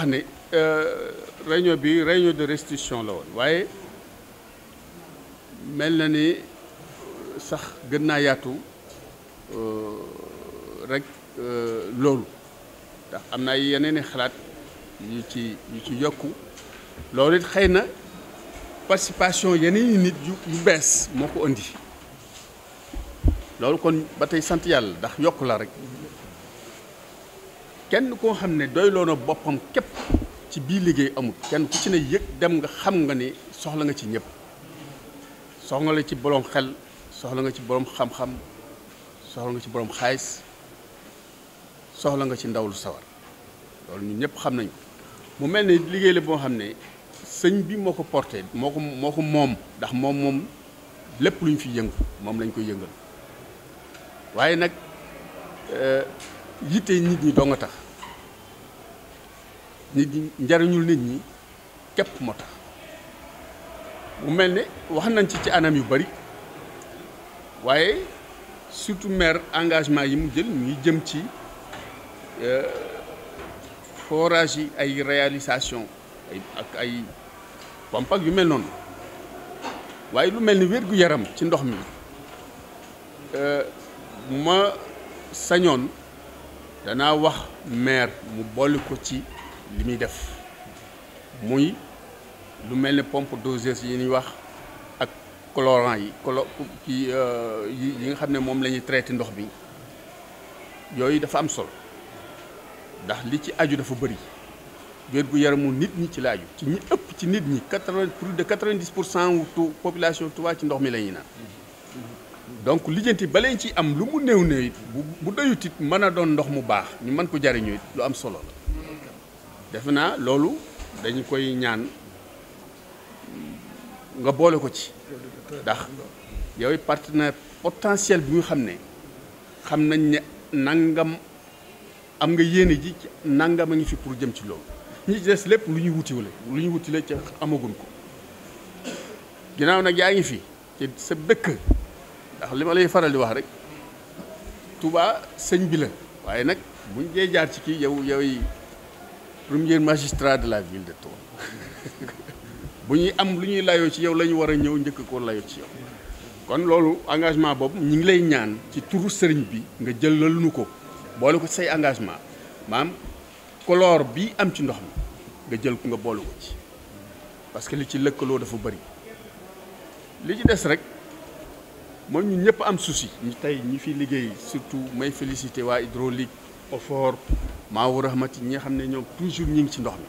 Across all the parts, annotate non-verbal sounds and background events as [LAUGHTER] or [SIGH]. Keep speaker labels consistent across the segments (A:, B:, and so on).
A: wax ne euh, réunion bi réunion de restitution la woon waaye mel na ni sax gën naa yaatu euh, rek euh, loolu ndax am na yeneen i xalaat yu ci yu ci yokku loolu it xëy na participation yeneen i nit yu bees moo ko indi loolu kon ba tey sant yàlla ndax yokku la rek kenn koo xam ne doyloo na boppam képp ci biir liggéey amul kenn ku ci ne yëg dem nga xam nga ni soxla nga ci ñëpp soxla nga ci boroom xel soxla nga ci boroom xam-xam soxla nga ci boroom xaalis soxla nga ci ndaw lu sawar loolu ñun ñëpp xam nañu mu mel ni liggéey la boo xam ne sëñ bi moo ko porté moo ko moom ndax moom moom lépp lu ñu fi yëngu moom lañ koy yëngal waaye nag euh, yitte nit ñi doo nga tax nit ñi njariñul nit ñi képp moo tax mu mel ni wax nañ ci ci anam yu bari waaye surtout maire engagement yi mu jël ñu jëm ci euh, forage yi ay réalisation ay ak ay pompe yu mel noonu waaye lu mel ni wér-gu-yaram ci ndox mi euh, ma sañoon danaa wax maire mu boole ko ci li muy def muy lu mel ne pompe doseuse yi ñuy wax ak colorant yi colo ci euh, yi nga xam ne moom la ñuy traité ndox mi yooyu dafa am solo ndax li ci aju dafa bëri wér gu yaramu nit ñi ci la aju ci ñi ëpp ci nit ñi quatre-vingt plus de quatre pour cent wu population Touba ci ndox mi la ñuy naan donc lijjanti ba leen ci am lu mu néew néew it bu doyut it mën a doon ndox mu baax ñu mën ko jariñu lu am solo la. defe naa loolu dañu koy ñaan nga boole ko ci ndax yooyu partenaire potentiel bi nga xam ne xam nañ ne nangam am nga yéene ji nangam a ngi fi pour jëm ci loolu ñi ci des lépp lu ñuy wutiwale lu ñu wuti la ca amagun ko ginnaaw nag yaa ngi fi ci sa dëkk ndax li ma lay faral di wax rek Touba sëñ bi la waaye nag buñ jee jaar ci kii yow yow yi premier magistrat de la ville de Touba [LAUGHS] bu ñuy am lu ñuy layoo ci yow la ñu war a ñëw njëkk koo layoo ci yow kon loolu engagement boobu ñu ngi lay ñaan ci turu sëriñ bi nga jëlal nu ko boole ko say engagement maam koloor bi am ci ndox mi nga jël ko nga boole ko ci parce que li ci lëkkaloo dafa bëri li ci des rek mooy ñun ñëpp am suusi ñu tey ñi fi liggéey surtout may félicité waa hydraulique effort maawu rahmati ñi nga xam ne ñoom toujours ñi ngi ci ndox mi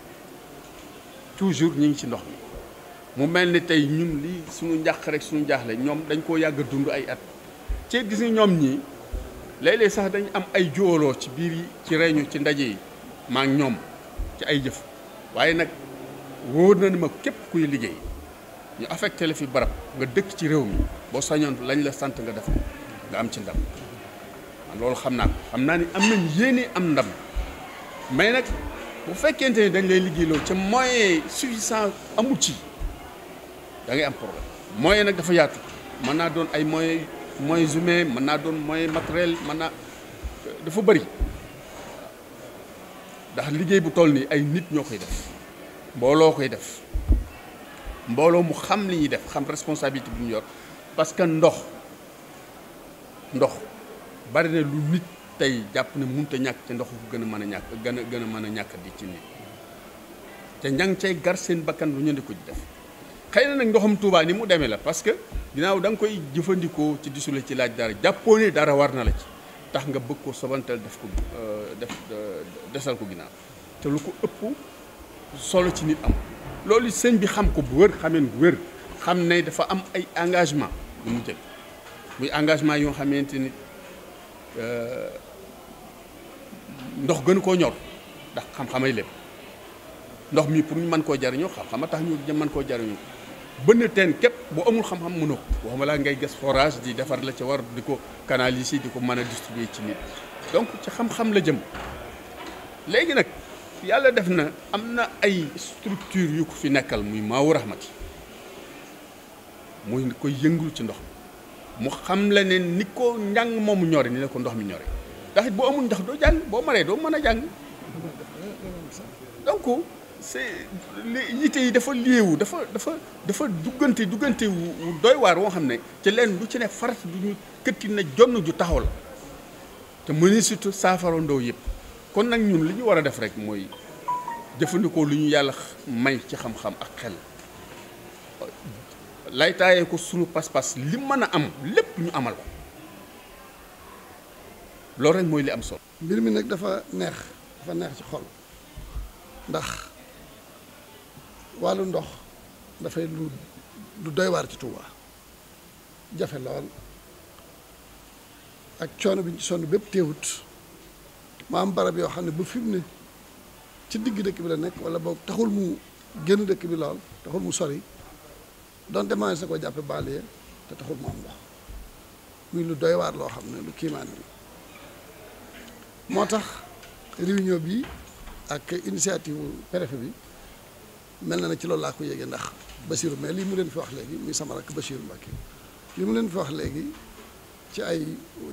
A: toujours ñi ngi ci ndox mi mu mel ni tey ñun lii suñu njàq rek suñu jaaxle ñoom dañ koo yàgg dund ay at ci gis nga ñoom ñii léeg-léeg sax dañ am ay jooloo ci biir yi ci reñu ci ndaje yi maa ñoom ci ay jëf waaye nag wóor na ni ma képp kuy liggéey ñu affecté la fi barab nga dëkk ci réew mi boo sañoon lañ la sant nga def nga am ci ndam man loolu xam naa ko xam naa ni am nañ yéene am ndam mais nag bu fekkente ni dañ lay liggéeyloo ca moyen suffisant amul ci da ngay am problème moyen nag dafa yaatu mën naa doon ay moyens moyens humains mën naa doon moyen matériel mën naa dafa bëri ndax liggéey bu toll nii ay nit ñoo koy def mbooloo koy def mbooloo mu xam li ñuy def xam responsabilité bu ñu yor parce que ndox ndox bari na lu nit. tey jàpp ne mënut te ñàkk te ndox ko gën a mën a ñàkk gën a gën a mën a ñàkk di ci nii te ña ngi cay gar seen bakkan lu ñu di ko def xëy na nag ndoxum Touba ni mu demee la parce que ginnaaw da nga koy jëfandikoo ci disu la ci laaj dara jàppoo ne dara war na la ci tax nga bëgg ko sobantal def ko euh, def euh, desal ko ginnaaw te lu ko ëpp solo ci nit am loolu sëñ bi xam ko bu wër xameen bu wër xam ne dafa am ay engagement lu mu jël muy engagement yoo xamante ni. Euh, ndox gënu koo ñor ndax xam-xamay lépp ndox mi pour ñu mën koo jariñoo xam-xam a tax ñu man koo jariñoo bënn teen képp bu amul xam-xam mënoo ko waxuma laa ngay gas forage di defar la ci war di ko canaliser di ko mën a distribuer ci nit donc ci xam-xam la jëm léegi nag yàlla def na am na ay structure yu ko fi nekkal muy maawu raxmati muy ko yëngul ci ndox mu xam la ne ni ko njàng moomu ñore ni la ko ndox mi ñore ndax it boo amul ndax doo jàng boo maree doo mën a jàng donc c'est yitte yi dafa liewu dafa dafa dafa duggante duggante wu doy waar woo xam ne ci leen lu ci ne farat du ñu këtti na jonn ju taxaw la te mëni surtout saafara ndaw yëpp kon nag ñun li ñu war a def rek mooy jëfandikoo lu ñu yàlla may ci xam-xam ak xel laytaayee ko sunu pas-pas li mën a am lépp ñu amal loolu rek mooy li am solo.
B: mbir mi nag dafa neex dafa neex ci xol ndax wàllu ndox dafay lu lu doywaar ci Touba jafe lool ak coono bi ñu sonn bépp teewut mu am barab yoo xam ne bu fi mu ne ci digg dëkk bi la nekk wala boog taxul mu génn dëkk bi lool taxul mu sori donte maa sa ko jàppe banlieue te taxul mu am ndox muy lu doy loo xam ne lu kiimaan bi moo tax réunion bi ak initiative préfet bi mel na ne ci loolu laa ko yéegee ndax Bassirou mais lii mu leen fi wax léegi muy sama rakk Bassirou Mbacké li mu leen wax léegi ci ay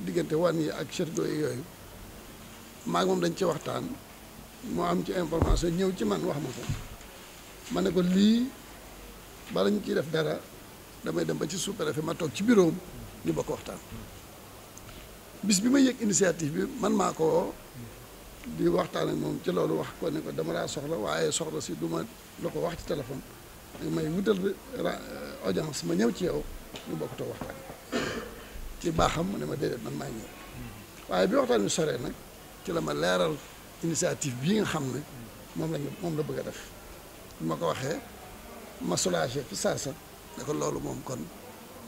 B: diggante wan ak château yooyu maa moom dañ ci waxtaan moo am ci information ñëw ci man wax ma ko ma ne ko lii bala ñu ciy def dara damay dem ba ci sous-préfet ma toog ci bureau ñu bokk waxtaan bis bi ma yéeg initiative bi man maa ko di waxtaan ak moom ci loolu wax ko ne ko dama laa soxla waaye soxla si du ma la ko wax ci téléphone may wutal euh, audience ma ñëw ci yow ñu bokk too waxtaan ci baaxam mu ne ma déedéet man maa ñëw waaye bi waxtaan bi soree nag ci la ma leeral initiative bii nga xam ne moom lañu moom la bëgg a def bi ma ko waxee ma soulagé fi saasa ne ko loolu moom kon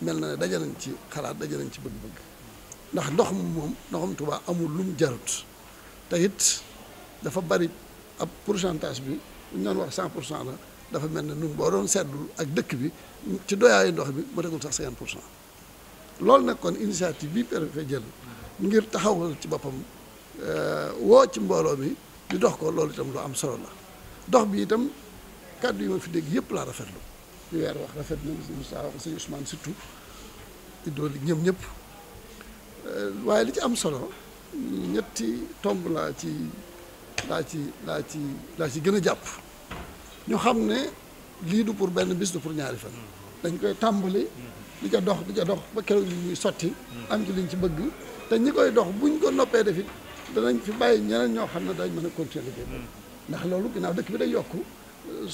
B: mel na ne daja nañ ci xalaat daje nañ ci bëgg-bëgg ndax ndox mu moom ndoxam Tuubaa amul lu mu jarut te it dafa bari ab pourcentage bi bu ñu wax cent pour cent la dafa mel na nun boo doon seetlu ak dëkk bi ci doyaayu ndox bi ma tegul sax cinquante pour cent loolu nag kon initiative bi ngir taxawal ci boppam euh, woo ci mbooloo bi di dox ko loolu itam lu am solo la dox bi itam kàddu yi ma fi dégg yëpp laa rafetlu li weer wax rafet na si Moussa wax si Ousmane surtout iddooli ñëm ñëpp Euh, waaye li ci am solo ñetti tomb laa ci laa ci laa ci laa ci gën a jàpp ñu xam ne lii du pour benn bis du pour ñaari fan dañ koy tàmbali di ca dox di ca dox ba keroog li ñuy sotti am ci liñ ci bëgg te ñi koy dox ñu ko noppee defit danañ fi bàyyi ñeneen ñoo xam ne dañ mën a continuer liggéey ndax loolu ginnaaw dëkk bi day yokku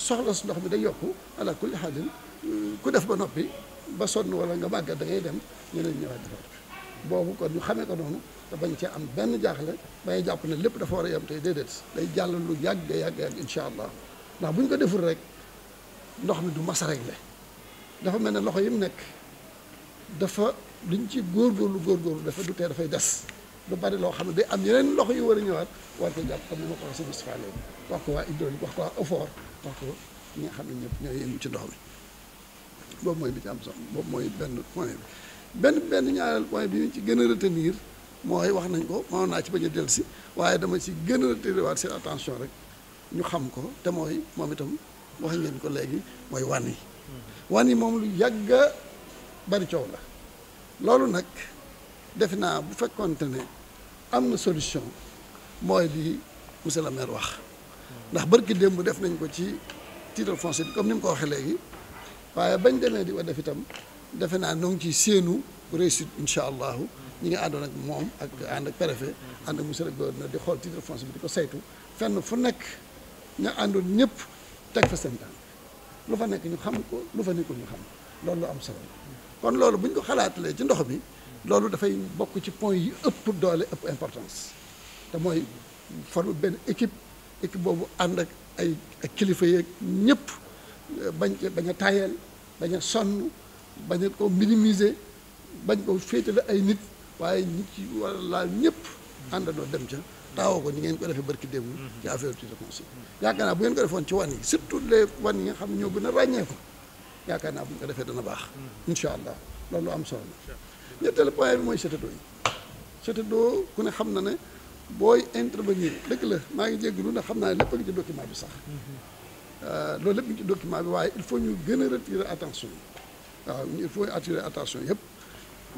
B: soxla su ndox mi day yokku ala kulli xaalin ku def ba noppi ba sonn wala nga màggat da ngay dem ñeneen ñëwaat di boobu kon ñu xamee ko noonu te bañ cee am benn jaaxle bañ jàpp ne lépp dafa war a yem tey déedéet day jàll lu yàgg yàgg yàgg incha allah ndax bu ñu ko deful rek ndox mi du mas a réglé dafa mel ne loxo yi mu nekk dafa liñ ci góor góorgóorlu dafa du dafay des lu bari loo xam ne day am yeneen loxo yi war a ñëwaat waa ko jàpp comme ni ma ko waxee si Moustapha léegi wax ko waa hydraulique wax ko waa effort wax ko ñi xam ne ñëpp ñooy yëngu ci ndox mi boobu mooy bi am solo boobu mooy benn point benn benn ñaareel point bi ci gën a retenir mooy wax nañ ko moo naa ci bañ a dellu si waaye dama ci gën a waat seen attention rek ñu xam ko te mooy moom itam wax ngeen ko léegi mooy wan yi hmm. wan yi moom lu yàgg a bari coow la loolu nag defe naa bu fekkoonte ne am na solution mooy li monsieur le maire wax hmm. ndax barki démb def nañ ko ci titre foncier comme ni mu ko waxee léegi waaye bañ demee di wa def itam defe naa ñoo ci ciy séenu réussite incha allahu ñi ngi àndoon ak moom ak ànd ak préfet ànd ak monsieur le gouverneur di xool titre foncier bi di ko saytu fenn fu nekk ña àndoon ñëpp teg fa seen tànk lu fa nekk ñu xam ko lu fa nekkul ñu xam loolu lu am solo kon loolu bu ñu ko xalaatalee ci ndox mi loolu dafay bokk ci point yi ëpp doole ëpp importance te mooy forme benn équipe équipe boobu ànd ak ay kilifa yeeg ñëpp bañ bañ a taayeel bañ a sonn bañ ko minimiser bañ ko féetale ay nit waaye ñi ci war a laal ñëpp àndandoo dem ca taawa ko ni ngeen ko defee barki démb ci affaire tuuti conseil yaakaar naa bu ngeen ko defoon ci wan yi surtout les wan yi nga xam ne ñoo gën a ràññee ko yaakaar naa bu ñu ko defee dana baax incha allah loolu am solo la ñetteelu point bi mooy château d'eau yi château d'eau ku ne xam na ne booy intervenir dëgg la maa ngi jéggalu ndax xam naa ne lépp a ngi ci document bi sax mm-hmm. euh, loolu lépp ngi ci document bi waaye il faut ñu gën a retirer waaw il faut attirer attention yëpp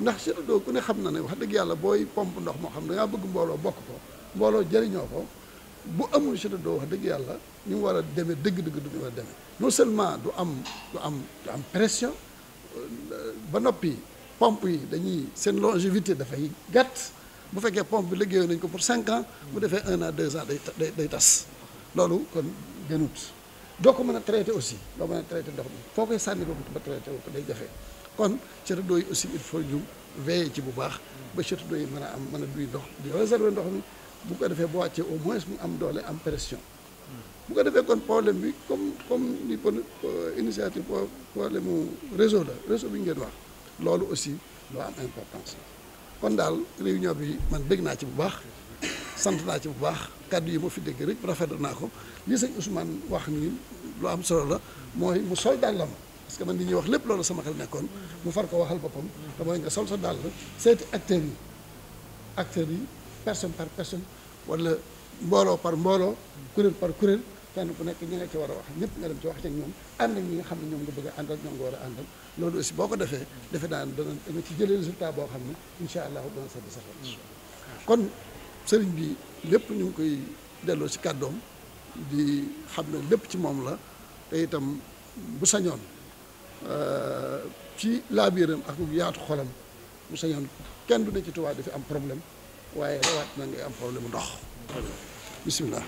B: ndax château d'eau ku ne xam na ne wax dëgg yàlla booy pompe ndox moo xam ne ngaa bëgg mbooloo bokk ko mbooloo jëriñoo ko bu amul château doo wax dëgg yàlla ñu war a demee dëgg-dëgg du ñu war a demee non seulement du am du am am pression ba noppi pompe yi dañuy seen longévité dafay gàtt bu fekkee pompe bi liggéeyoon nañ ko pour cinq ans bu defee un an deux ans day day tas loolu kon gënut doo ko mën a traité aussi doo mën a traité ndox mi foo koy sànni ba traité wu ko day jafe kon château yi aussi il faut ñu veiller ci bu baax ba château yi mën a am mën a duy ndox di réserver ndox mi bu ko defee boo wàccee au moins mu am doole am pression bu ko defee kon problème bi comme comme li kon euh, initiative problème mu réseau la réseau bi ngeen wax loolu aussi loo am importance kon daal réunion bi man bëgg naa ci bu baax sant naa ci bu baax kàddu yi ma fi dégg rek rafetlu naa ko li sëñ Ousmane wax nii lu am solo la mooy mu sol dàllam parce que man ni ñuy wax lépp loolu sama xel nekkoon mu far ko waxal boppam te mooy nga sol sa dàll seeti acteurs yi acteurs yi person par personne wala mbooloo par mbooloo kuréel par kuréel kenn ku nekk ñi nga ci war a wax ñëpp nga dem ci wax ci ñoom ànd ak ñi nga xam ne ñoom nga bëgg a àndal ñoom nga war a àndal loolu aussi boo ko defee defe daan dana dana ci jëlee résultat boo xam ne incha allah dana sa sëriñ bi lépp ñu ngi koy delloo ci kàddoom di xam ne lépp ci moom la te itam bu sañoon euh, ci laabiram ak yaatu xolam bu sañoon kenn du ne ci dafa am problème waaye rawaat na ngay am problème ndox bisimilah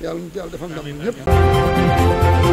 B: yàlla mu yàlla dafa ndam ñëpp